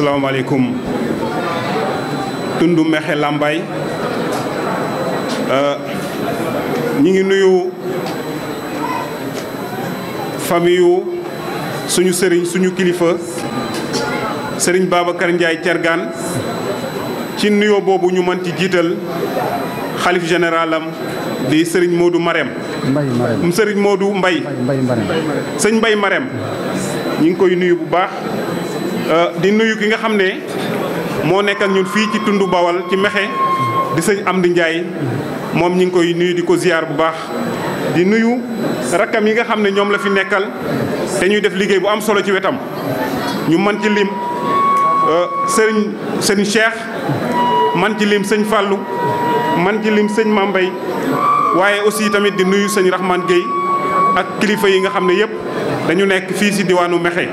asalaamaaleykum tund Mexe Làmbaay euh, ñi ngi nuyu famille yu suñu sëriñ suñu kilifa sëriñ Babacar Ndiaye Thiergane ci nuyoo boobu ñu mën ci jiital xalif général bi sëriñ moodu Marem mu sëriñ Modou Mbay sëñ Mbay Marem ñi ngi koy nuyu bu baax Euh, di nuyu ki nga xam ne moo nekk ñun fii ci tund bawal ci Mexe di sëñ am di Njaay moom ñi ngi koy nuyu di ko ziyaar bu baax di nuyu rakkam yi nga xam ne ñoom la fi nekkal te ñuy def liggéey bu am solo ci wetam ñu man ci lim euh, sëriñ sëriñ Cheikh man ci lim sëñ Fàllu man ci lim sëñ Mambay waaye aussi tamit di nuyu sëñ Rahman Guèye ak kilifa yi nga xam ne yëpp dañu nekk fii si diwaanu Mexe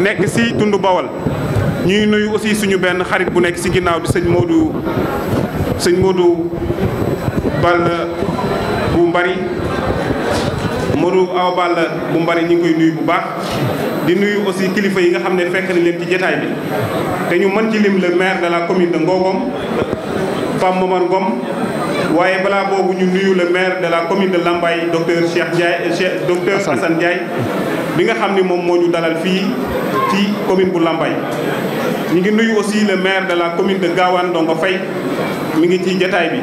nekk si tund Bawal ñuy nuyu aussi suñu benn xarit bu nekk si ginnaaw di sëñ Modou sëñ Modou Balla bu Mbari Modou Awa Balla bu Mbari ñu ngi koy nuyu bu baax di nuyu aussi kilifa yi nga xam ne fekk na leen ci jataay bi te ñu mën ci lim le maire de la commune de Ngogom Pape Momar Ngom waaye balaa boobu ñu nuyu le maire de la commune de Lambaye docteur Cheikh Ndiaye docteur Assane Ndiaye bi nga xam ni moom moo ñu dalal fii ci commune bu Lambaye ñu ngi nuyu aussi le maire de la commune de Gawane Ndongo Faye mi ngi ci jataay bi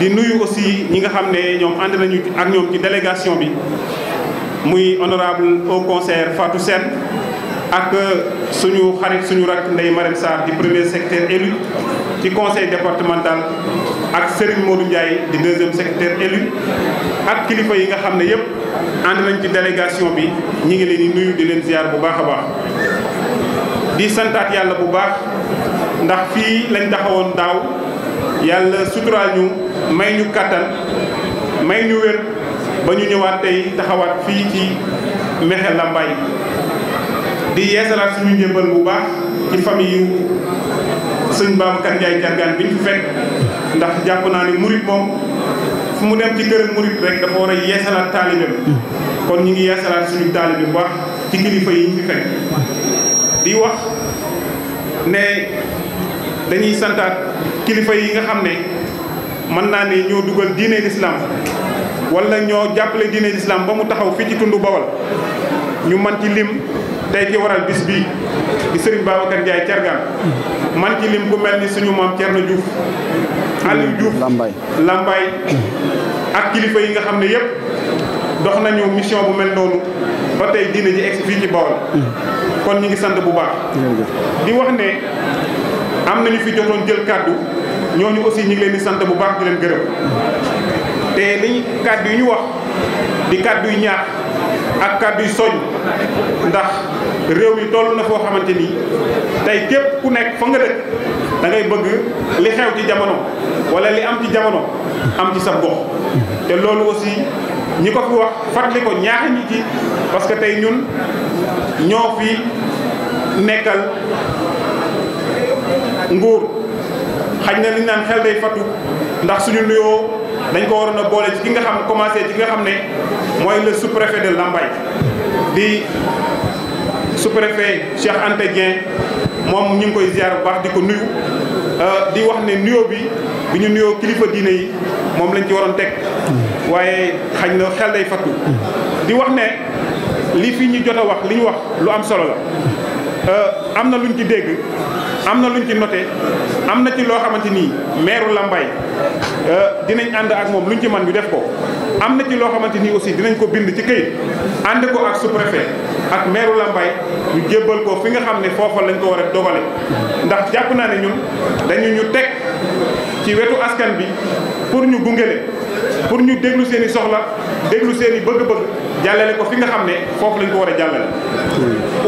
di nuyu aussi ñi nga xam ne ñoom ànd nañu ak ñoom ci délégation bi muy honorable au conseil Fatou Sène ak euh, suñu xarit suñu rakk Ndeye Marème Sarr di premier secrétaire élu ci conseil départemental ak Serigne Modou Ndiaye di deuxième secrétaire élu ak kilifa yi nga xam ne yëpp ànd nañ ci délégation bi ñi ngi leen yi nuyu di leen ziar bu baax a baax di santaat yàlla bu baax ndax fii lañ taxawoon daaw yàlla suturaal ñu may ñu kàttan may ñu wér ba ñu ñëwaat tey taxawaat fii ci Mekhe Lambaye di yeesalaat suñu njëbbal bu baax ci famille yu baax Babacar Ndiaye Diargane bi ñu fi ndax jàpp naa ne murit moom fu mu dem ci kër murit rek dafa war a yeesalaat taalibe kon ñu ngi yeesalaat suñu taalibe bu baax ci kilifa yi ñu fi fekk di wax ne dañuy santaat kilifa yi nga xam ne mën naa ne ñoo dugal diine l'islam wala ñoo jàppale diine l'islam ba mu taxaw fii ci tund Bawol ñu man ci lim tey ki waral bis bii di Serigne Babacar Ndiaye Thiergane man ci lim ku mel ni suñu maam Thierno Diouf Aliou Diouf Lambaye Lambaye ak kilifa yi nga xam ne yëpp dox nañu mission bu mel noonu ba tey diine ji egsi fii ci Bawol kon ñu ngi sant bu baax di wax ne am nañu fi jotoon jël kàddu ñooñu aussi ñu ngi leen di sant bu baax di leen gërëm te liñ kàddu yi ñu wax di kàddu yi ñaax ak kàddu yu soñ ndax réew mi toll na foo xamante ni tey képp ku nekk fa nga dëkk dangay ngay bëgg li xew ci jamono wala li am ci jamono am ci sa gox te loolu aussi ñi ko fi wax fàttali ko ñaax ñi ci parce que tey ñun ñoo fi nekkal nguur xañ na li ñu naan xel day fattu ndax suñu nuyoo. dañ ko waroon a boole ci ki nga xam commencé ci nga xam ne mooy le sous-préfet de Lambaye di sous-préfet Cheikh Anta moom ñu ngi koy ziar bu baax di ko nuyu euh, di wax ne nuyo bi bi ñu nuyo kilifa diine yi moom lañ ci waroon teg waaye xañ na xel day fattu di wax ne li fi ñu jot a wax li ñu wax lu am solo la euh, am na luñ ci dégg am na luñ ci noté am na ci loo xamante ni maire Lambaye euh, dinañ ànd ak moom luñ ci man ñu def ko. am na ci loo xamante ni aussi dinañ ko bind ci këyit ànd ko ak sous-préfet ak maire Lambaye ñu jébbal ko fi nga xam ne foofa lañ ko war a dogale ndax jàpp naa ne ñun dañu ñu teg. ci wetu askan bi pour ñu gungele pour ñu déglu seen i soxla déglu seen i bëgg-bëgg jàllale ko fi nga xam ne foofu lañ ko war a jàllale.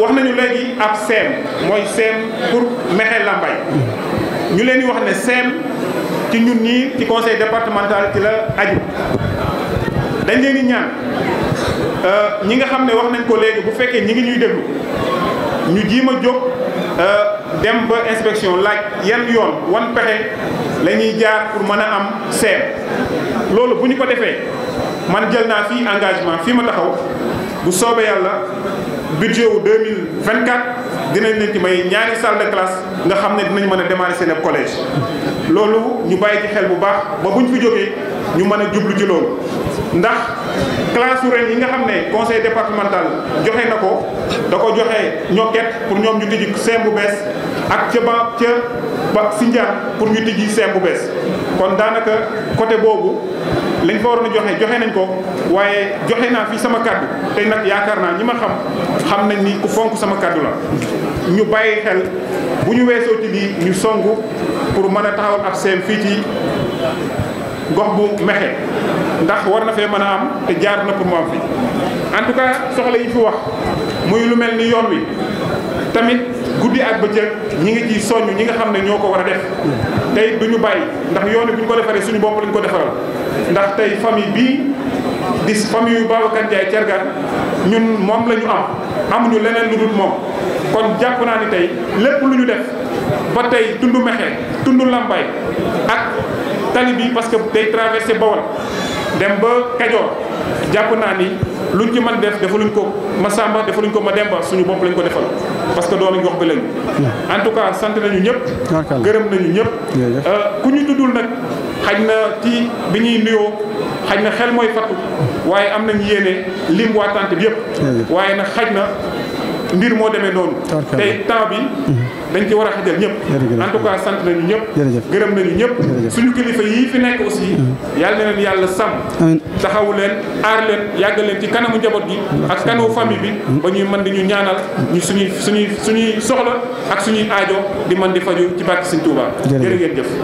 wax nañu léegi ab seem mooy seem pour Mekhe Lambaye ñu leen di wax ne seem ci ñun ñii ci conseil départemental ci la aju dañ leen di ñaan euh, ñi nga xam ne wax nañ ko léegi bu fekkee ñi ngi ñuy déglu ñu jiima jóg. Euh, dem ba inspection laaj yan yoon wan pexe la ñuy jaar pour mën a am seer loolu bu ñu ko defee man jël naa fii engagement fii ma taxaw bu soobee yàlla budget wu 2024 dinañ leen ci may ñaari salle de classe nga xam ne dinañ mën a démarrer seen collège loolu ñu bàyyi ci xel bu baax ba ñu fi jógee ñu mën a jublu ci loolu ndax classe ren yi nga xam ne conseil départemental joxe na ko da ko joxe ñokket pour ñoom ñu tijji sem bu bees ak ca ba ca ba Sindian pour ñu tijji sem bu bees kon daanaka côté boobu lañ fa waroon a joxe joxe nañ ko waaye joxe naa fi sama kaddu tey nag yaakaar naa ñi ma xam xam nañ ni ku fonk sama kaddu la ñu bàyyi xel bu ñu weesoo ci lii ñu pour mën a taxawal ab sem fii ci gox bu mexe ndax war na fee mën a am te jaar na pour mu am fi en tout cas soxla yi fi wax muy lu mel ni yoon wi tamit guddi ak bëccëg ñi ngi ciy soññ ñi nga xam ne ñoo ko war a def tey du ñu bàyyi ndax yoon wi bu ñu ko defaree suñu bopp lañ ko defaral ndax tey famille bii di famille yu Babacar Ndiaye Thiergane ñun moom la ñu am amuñu leneen lu dul moom kon jàpp naa ni tey lépp lu ñu def ba tey tund Mexe tund Lambay ak tali bi parce que day traversé Bawol dem ba Kajoor jàpp naa ni luñ ci mën def defaluñ ko ma Samba defaluñ ko ma Demba suñu bopp lañ ko defal parce que doomi gox bi lañ en tout cas sant nañu ñëpp gërëm nañu ñëpp euh, ku ñu tuddul nag xañ na ci bi ñuy nuyoo xañ na xel mooy fattu waaye am nañu yéene lim waa tànt bi yëpp waaye nag xaj na mbir moo demee noonu tey temps bi mhm. dañ ci war a xajal ñëpp en tout cas sant nañu ñëpp gërëm nañu ñëpp suñu kilifa yii fi nekk aussi mhm. yàlla na leen yàlla sàmm taxawu leen aar leen yàggal leen ci kanamu njaboot gi ak kanamu famille bi mhm. ba ñuy man di ñu ñaanal ñu suñuy suñuy suñuy soxla ak suñuy aajo di mën di faju ci barke Sëñ Tuubaa jërë ngeen jëf